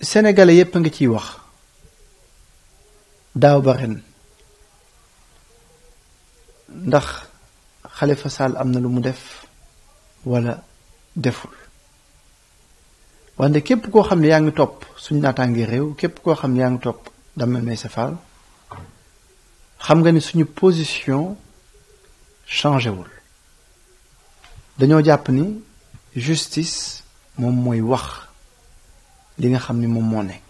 sénégalais yépp ciy wax daaw ndax lu mu def wala deful wante képp koo xam ne yaa ngi topp suñ réew képp koo xam ne yaa ngi topp Damel xam nga ni suñu position changé wul dañoo justice li nga xam ni moom moo nekk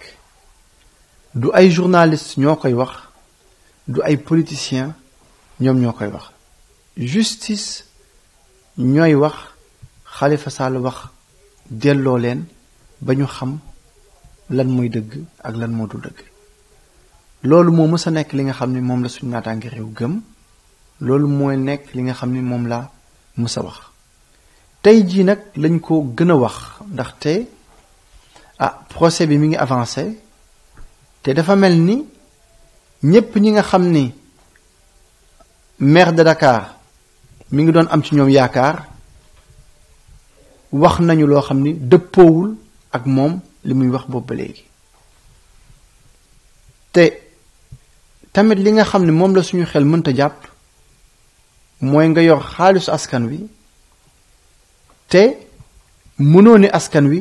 du ay journalistes ñoo koy wax du ay politiciens ñoom ñoo koy wax justice ñooy wax Khalifa Sall wax delloo leen ba ñu xam lan mooy dëgg ak lan moo dul dëgg loolu moo mësa a nekk li nga xam ni moom la suñu naataange réew gëm loolu mooy nekk li nga xam ni moom la mësa wax tey jii nag lañ ko gën a wax ndaxte ah procès bi mi ngi avancé te dafa mel ni ñépp ñi nga xam ni maire de Dakar mi ngi doon am ci ñoom yaakaar wax nañu loo xam ni dëppoowul ak moom li wax léegi te tamit li nga xam ne moom la suñu xel mënta jàpp mooy nga yor xaalisu askan wi te mënoo ni askan wi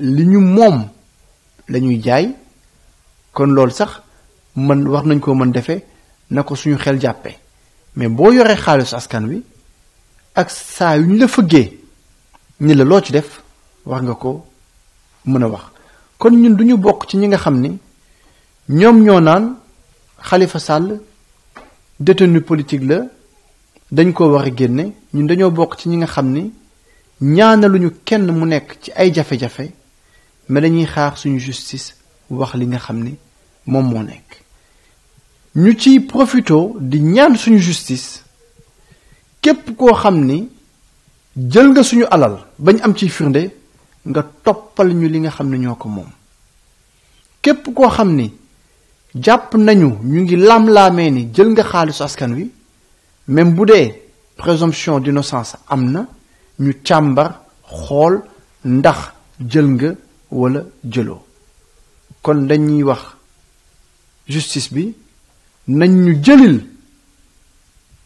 li ñu moom la jaay kon loolu sax man war nañ ko mën defee na ko suñu xel jàppee mais boo yoree xaalis askan wi ak saa yu ñu la fëggee ni la loo ci def war nga ko mën a wax kon ñun du ñu bokk ci ñi nga xam ni ñoom ñoo naan Khalifa Sall détenu politique la dañ ko war a génne ñun dañoo bokk ci ñi nga xam ni ñaanaluñu kenn mu nekk ci ay jafe-jafe mais dañuy xaar suñu justice wax li nga xam ni moom moo nekk ñu ciy profito di ñaan suñu justice képp koo xam ni jël nga suñu alal bañ am ci firnde nga toppal ñu li nga xam ne ñoo ko moom képp koo xam ni jàpp nañu ñu ngi laam-laamee ni jël nga xaalisu askan wi même bu dee présomption d'innocence am na ñu càmbar xool ndax jël nga wala jëloo kon dañuy wax justice bi nañ ñu jëlil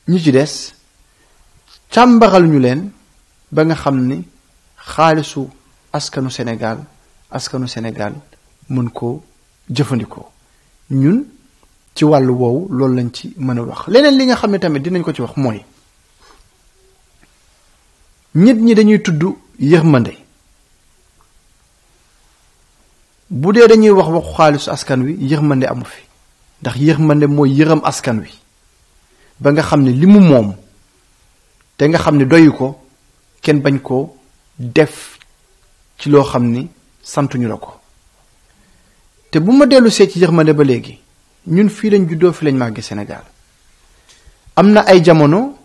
ñu ci des càmbaxal ñu leen ba nga xam ni xaalisu askanu Sénégal askanu senegaal mën koo jëfandikoo ñun ci wàll woowu loolu lañ ci mën a wax leneen li nga xam ne tamit dinañ ko ci wax mooy nit ñi dañuy tudd yërmande bu dee dañuy wax waxu xaalisu askan wi yërmande amu fi ndax yërmande mooy yërëm askan wi ba nga xam ne li mu moom te nga xam ne doyu ko kenn bañ koo def ci loo xam ni santuñu la ko te bu ma dellu see ci yërmande ba léegi ñun fii lañ juddoo fi lañ màggee Sénégal am na ay jamono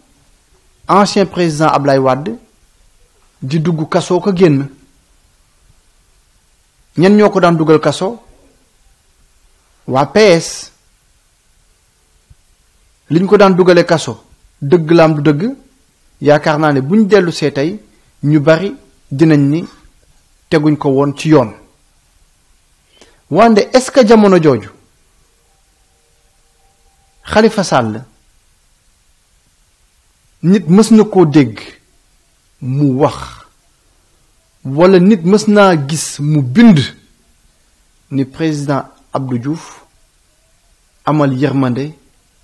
ancien président Ablaye Wade di dugg kasoo ko génn ñan ñoo ko daan dugal kaso waa PS liñ ko daan dugale kaso dëgg laam du dëgg yaakaar naa ne buñ dellu see tey ñu bari dinañ ni teguñ ko woon ci yoon wande est-ce que jamono jooju Khalifa Sall nit mës na koo dégg mu wax wala nit mës naa gis mu bind ni président Abdou juuf amal yërmande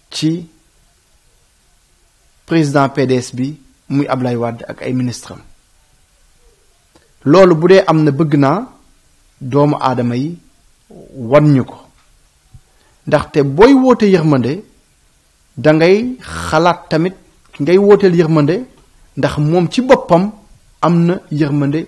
ci président PDS bi muy Ablaye wadd ak ay ministre am loolu bu dee am na bëgg naa doomu aadama yi wan ñu ko ndaxte booy woote yërmande da ngay xalaat tamit ki ngay wooteel yërmande ndax moom ci boppam am na yërmande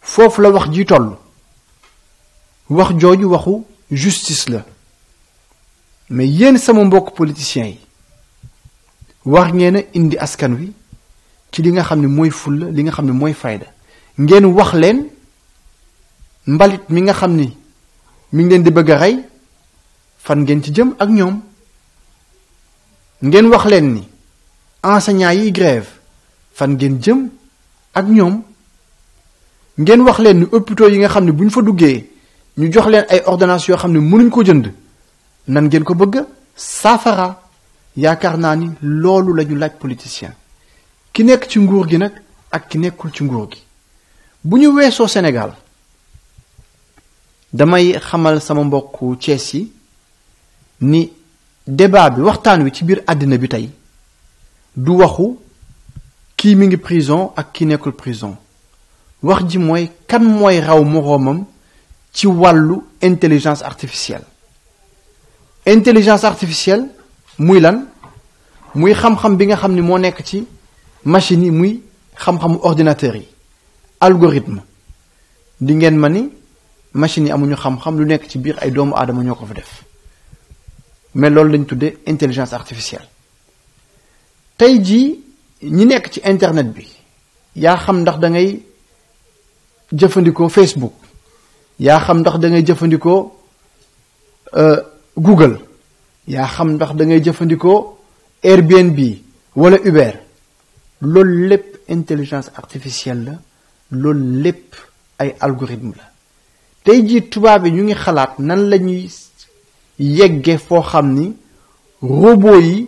foofu la wax ji toll wax jooju waxu justice la mais yéen sama mbokk politiciens yi war indi askan wi ci li nga xam ne mooy li nga xam ne fayda wax mbalit mi nga xam ni mi ngi leen di bëgg a rey fan ngeen ci jëm ak wax ni enseignants yi grève fan ngeen jëm ak ngeen wax leen ni hôpitaux yi nga xam ne bu ñu fa duggee ñu jox leen ay ordonnances yoo xam ne mënuñ koo jënd nan ngeen ko bëgg saafara yaakaar naa ni loolu lañu ñu laaj politicien ki nekk ci nguur gi nag ak ki nekkul ci nguur gi bu ñu weesoo senegal damay xamal sama mbokku Cees yi ni débat bi waxtaan wi ci biir àddina bi tey du waxu kii mi ngi prison ak ki nekkul prison wax ji mooy kan mooy raw ci intelligence artificielle intelligence artificielle muy lan muy xam-xam bi nga ni ci machine yi muy xam ordinateur algorithme di ngeen ni machines yi xam-xam lu nekk ci ay doomu mais loolu lañ intelligence artificielle tey jii ñi internet bi yaa xam ndax da jëfandikoo Facebook yaa xam ndax da ngay jëfandikoo euh, Google yaa xam ndax da ngay jëfandikoo Airbnb wala Uber loolu lépp intelligence artificielle la loolu lépp ay algorithme la tey jii tubaab yi ñu ngi xalaat nan la ñuy yegge foo xam ni robot yi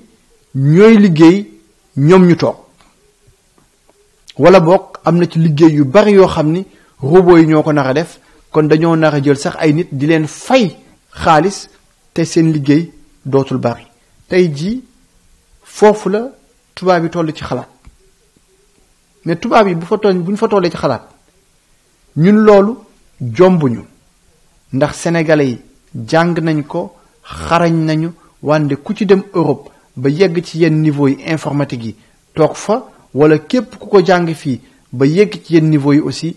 ñooy liggéey ñoom ñu toog wala bokk am na ci liggéey yu bari yoo xam ni robot yi ñoo ko nar a def kon dañoo nar a jël sax ay nit di leen fay xaalis te seen liggéey dootul bari tey jii foofu la tubaab yi toll ci xalaat mais tubaab yi bu fa toll bu ñu fa tollee ci xalaat ñun loolu jombuñu ndax sénégalais yi jàng nañ ko xarañ nañu wande ku ci dem Europe ba yegg ci yenn niveau yi informatique yi toog fa wala képp ku ko jàng fii ba yegg ci yenn niveau yi aussi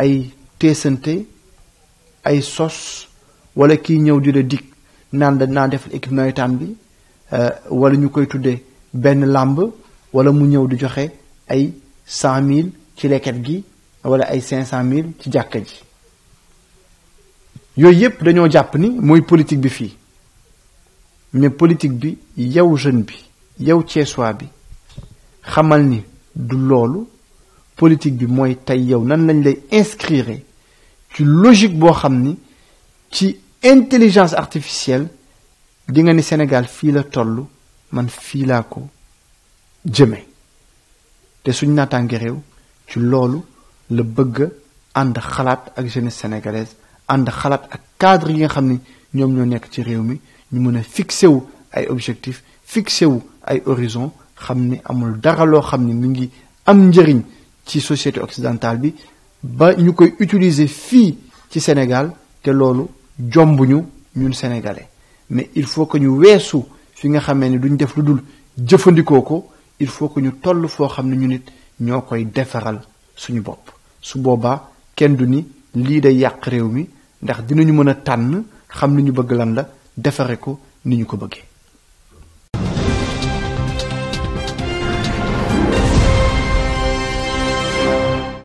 ay teesante ay sos wala kiy ñëw di la dig naan da naa defal équipe nawetaan bi euh, wala ñu koy tuddee benn làmb wala mu ñëw di joxe ay cent mille ci leket gi wala ay cinq cent mille ci jàkka ji yooyu yépp dañoo jàpp ni mooy politique bi fii mais politique bi yow jeune bi yow ceesuwaa bi xamal ni du loolu politique bi mooy tey yow nan lañ lay inscrire ci logique boo xam ci intelligence artificielle di nga ni Sénégal fii la toll man fii laa ko jëme te suñ naataange réew ci loolu la bëgg ànd xalaat ak jeunesse sénégalaise ànd xalaat ak cadre yi nga xam ni ñoom ñoo nekk ci réew mi ñu mën a fixé wu ay objectifs fixé wu ay horizon xam ni amul dara loo xam ni ngi am njëriñ ci société occidentale bi ba ñu koy utiliser fii ci Sénégal te loolu jombuñu ñun sénégalais mais il faut que ñu weesu fi nga xamee ni duñ def lu dul jëfandikoo ko il faut que ñu toll foo xam ne ñu nit ñoo koy defaral suñu bopp su boobaa kenn du ni lii day yàq réew mi ndax dinañu mën a tànn xam ni ñu bëgg lan la defare ko ni ñu ko bëggee